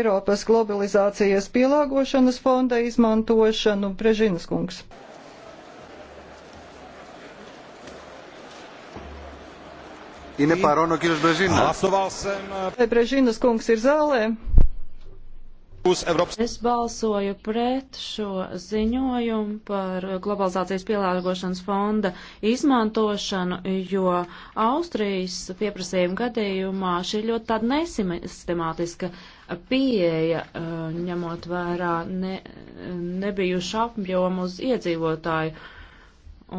Eiropas globalizācijas pielāgošanas fonda izmantošanu Brežinas kungs. Ine pārono, Brežinas. Brežinas kungs ir zālē. Es balsoju pret šo ziņojumu par globalizācijas pielāgošanas fonda izmantošanu, jo Austrijas pieprasījuma gadījumā šī ir ļoti tāda nesimētiska pieeja, uh, ņemot vērā ne, nebijušu apjomu uz iedzīvotāju.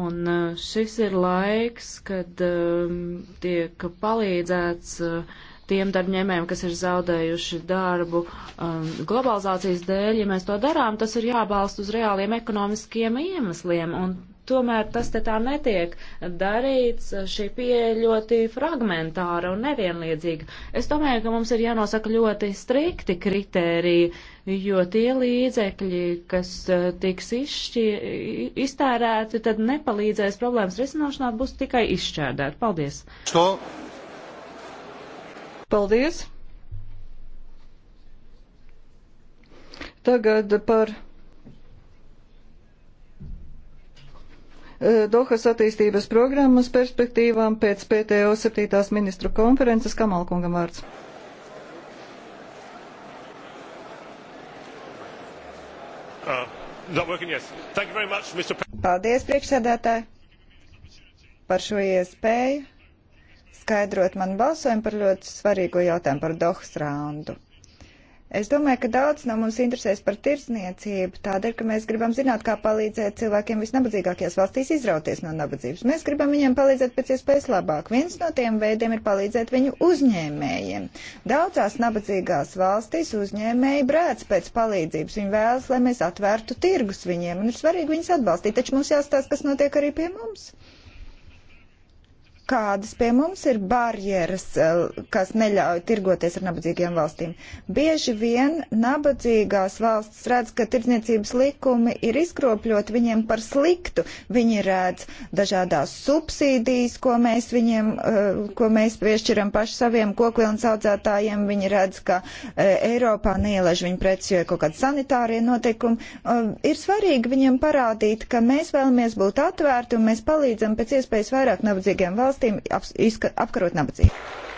Un uh, šis ir laiks, kad um, tiek palīdzēts uh, tiem darbņēmējiem, kas ir zaudējuši darbu um, globalizācijas dēļ. Ja mēs to darām, tas ir jābalst uz reāliem ekonomiskiem iemesliem. Un tomēr tas te tā netiek darīts, šī pieeja ļoti fragmentāra un nevienlīdzīga. Es domāju, ka mums ir jānosaka ļoti strikti kritēriji, jo tie līdzekļi, kas uh, tiks izšķi, iztērēti, tad nepalīdzēs problēmas risināšanā, būs tikai izšķērdēti. Paldies! Stop. Paldies! Tagad par. Eh, Dohas attīstības programmas perspektīvām pēc PTO 7. ministru konferences Kamalkungam vārds. Uh, working, yes. much, Paldies, priekšsēdētāji, par šo iespēju skaidrot man balsojumu par ļoti svarīgo jautājumu par Dohas raundu. Es domāju, ka daudz no mums interesēs par tirsniecību, tādēļ, ka mēs gribam zināt, kā palīdzēt cilvēkiem visnabadzīgākajās valstīs izrauties no nabadzības. Mēs gribam viņiem palīdzēt pēc iespējas labāk. Viens no tiem veidiem ir palīdzēt viņu uzņēmējiem. Daudzās nabadzīgās valstīs uzņēmēji brēc pēc palīdzības. Viņi vēlas, lai mēs atvērtu tirgus viņiem, un ir svarīgi viņus atbalstīt, taču mums jāstāsta, kas notiek arī pie mums kādas pie mums ir barjeras, eh, kas neļauj tirgoties ar nabadzīgiem valstīm. Bieži vien nabadzīgās valsts redz, ka tirdzniecības likumi ir izkropļot viņiem par sliktu. Viņi redz dažādās subsīdijas, ko mēs viņiem, eh, ko mēs piešķiram paši saviem kokvilnas audzētājiem. Viņi redz, ka eh, Eiropā neielaiž viņu preci, jo ir kaut kādi sanitārie noteikumi. Um, ir svarīgi viņiem parādīt, ka mēs vēlamies būt atvērti un mēs palīdzam pēc iespējas vairāk nabadzīgiem valstīm valstīm apkarot nabadzību.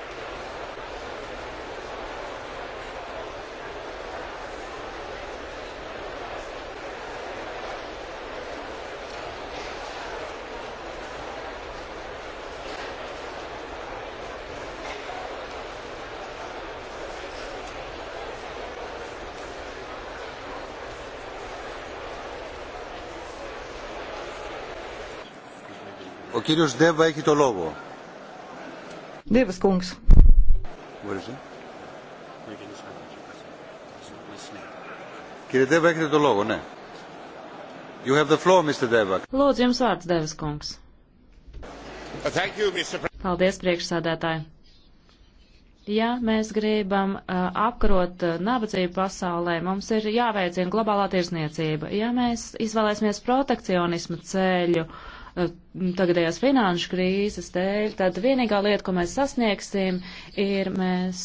Ο κύριος Ντέβα έχει το λόγο. Ντέβας κούγκς. Κύριε Ντέβα, έχετε το λόγο, ναι. You have the floor, Mr. Deva. Lūdzu, jums vārds, Devas kungs. Thank you, Mr. Paldies, priekšsādātāji. Ja mēs gribam uh, apkarot uh, nabadzību pasaulē, mums ir jāveicina globālā tirzniecība. Ja mēs izvēlēsimies protekcionismu ceļu, uh, tagadējās finanšu krīzes dēļ, tad vienīgā lieta, ko mēs sasniegsim, ir mēs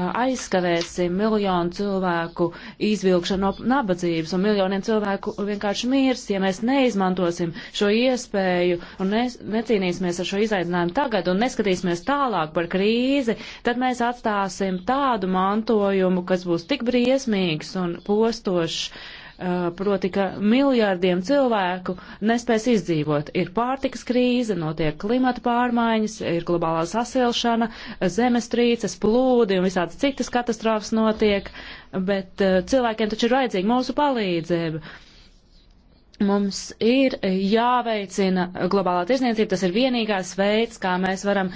aizskavēsim miljonu cilvēku izvilkšanu no nabadzības, un miljoniem cilvēku vienkārši mirs, ja mēs neizmantosim šo iespēju un ne, necīnīsimies ar šo izaicinājumu tagad un neskatīsimies tālāk par krīzi, tad mēs atstāsim tādu mantojumu, kas būs tik briesmīgs un postošs, Eh, proti, ka miljārdiem cilvēku nespēs izdzīvot. Ir pārtikas krīze, notiek klimata pārmaiņas, ir globālā sasilšana, zemestrīces, plūdi un visādas citas katastrofas notiek, bet eh, cilvēkiem taču ir vajadzīga mūsu palīdzība. Mums ir jāveicina globālā tirzniecība, tas ir vienīgais veids, kā mēs varam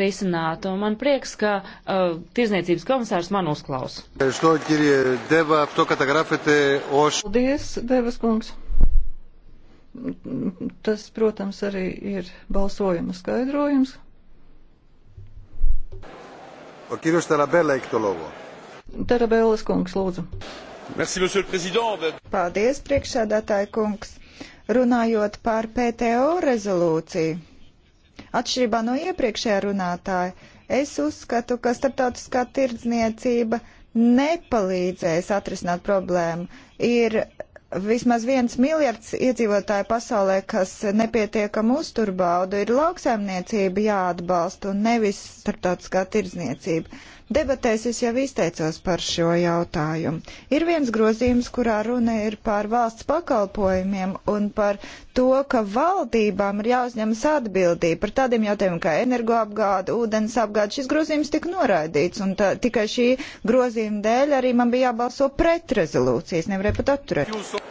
risināt. Un man prieks, ka uh, tirzniecības komisārs man uzklaus. Paldies, Devas kungs. Tas, protams, arī ir balsojuma skaidrojums. Tarabēlas kungs, lūdzu. Merci, Paldies, priekšsēdētāja kungs. Runājot par PTO rezolūciju, atšķirībā no iepriekšējā runātāja, es uzskatu, ka starptautiskā tirdzniecība nepalīdzēs atrisināt problēmu. Ir vismaz viens miljards iedzīvotāju pasaulē, kas nepietiekam uzturbaudu, ir lauksaimniecība jāatbalsta un nevis starptautiskā tirdzniecība. Debatēs es jau izteicos par šo jautājumu. Ir viens grozījums, kurā runa ir par valsts pakalpojumiem un par to, ka valdībām ir jāuzņemas atbildība par tādiem jautājumiem kā energoapgāde, ūdens apgāde. Šis grozījums tika noraidīts un tā, tikai šī grozījuma dēļ arī man bija jābalso pret rezolūcijas, nevarēja pat atturēt. Jūsu...